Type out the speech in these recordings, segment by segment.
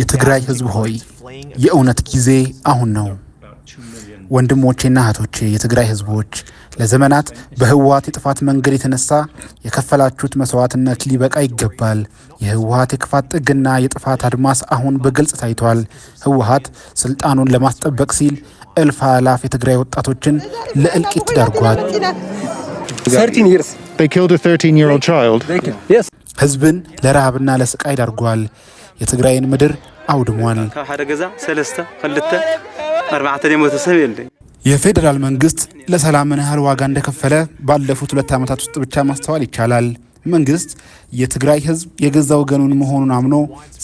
የትግራይ ህዝብ ሆይ የእውነት ጊዜ አሁን ነው። ወንድሞቼና እህቶቼ የትግራይ ህዝቦች ለዘመናት በህወሀት የጥፋት መንገድ የተነሳ የከፈላችሁት መስዋዕትነት ሊበቃ ይገባል። የህወሀት የክፋት ጥግና የጥፋት አድማስ አሁን በግልጽ ታይቷል። ህወሀት ስልጣኑን ለማስጠበቅ ሲል እልፍ አላፍ የትግራይ ወጣቶችን ለእልቂት ዳርጓል። ህዝብን ለረሃብና ለስቃይ ዳርጓል። የትግራይን ምድር አውድሟል። የፌዴራል መንግስት ለሰላም ምን ያህል ዋጋ እንደከፈለ ባለፉት ሁለት ዓመታት ውስጥ ብቻ ማስተዋል ይቻላል። መንግስት የትግራይ ህዝብ የገዛ ወገኑን መሆኑን አምኖ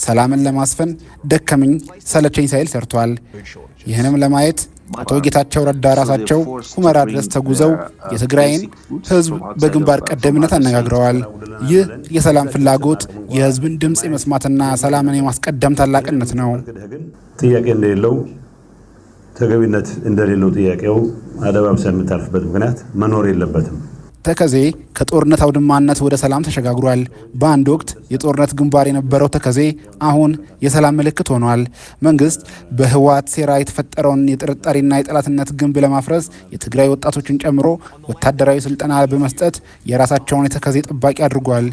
ሰላምን ለማስፈን ደከመኝ ሰለቸኝ ሳይል ሰርቷል። ይህንም ለማየት አቶ ጌታቸው ረዳ ራሳቸው ሁመራ ድረስ ተጉዘው የትግራይን ህዝብ በግንባር ቀደምነት አነጋግረዋል። ይህ የሰላም ፍላጎት የህዝብን ድምፅ የመስማትና ሰላምን የማስቀደም ታላቅነት ነው። ጥያቄ እንደሌለው ተገቢነት እንደሌለው ጥያቄው አደባብሳ የምታልፍበት ምክንያት መኖር የለበትም። ተከዜ ከጦርነት አውድማነት ወደ ሰላም ተሸጋግሯል። በአንድ ወቅት የጦርነት ግንባር የነበረው ተከዜ አሁን የሰላም ምልክት ሆኗል። መንግስት በህወሓት ሴራ የተፈጠረውን የጥርጣሬና የጠላትነት ግንብ ለማፍረስ የትግራይ ወጣቶችን ጨምሮ ወታደራዊ ስልጠና በመስጠት የራሳቸውን የተከዜ ጠባቂ አድርጓል።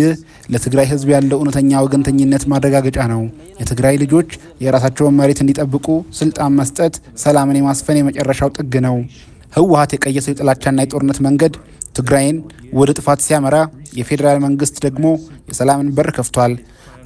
ይህ ለትግራይ ህዝብ ያለው እውነተኛ ወገንተኝነት ማረጋገጫ ነው። የትግራይ ልጆች የራሳቸውን መሬት እንዲጠብቁ ስልጣን መስጠት ሰላምን የማስፈን የመጨረሻው ጥግ ነው። ህወሀት የቀየሰው የጥላቻና የጦርነት መንገድ ትግራይን ወደ ጥፋት ሲያመራ፣ የፌዴራል መንግስት ደግሞ የሰላምን በር ከፍቷል።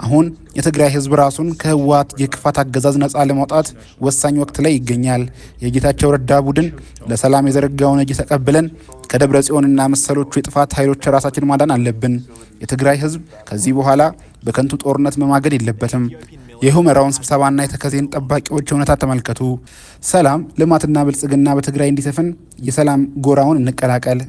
አሁን የትግራይ ህዝብ ራሱን ከህወሀት የክፋት አገዛዝ ነጻ ለማውጣት ወሳኝ ወቅት ላይ ይገኛል። የጌታቸው ረዳ ቡድን ለሰላም የዘረጋውን እጅ ተቀብለን ከደብረ ጽዮንና መሰሎቹ የጥፋት ኃይሎች ራሳችን ማዳን አለብን። የትግራይ ህዝብ ከዚህ በኋላ በከንቱ ጦርነት መማገድ የለበትም። የሁመራውን ስብሰባና የተከዜን ጠባቂዎች እውነታ ተመልከቱ። ሰላም ልማትና ብልጽግና በትግራይ እንዲሰፍን የሰላም ጎራውን እንቀላቀል።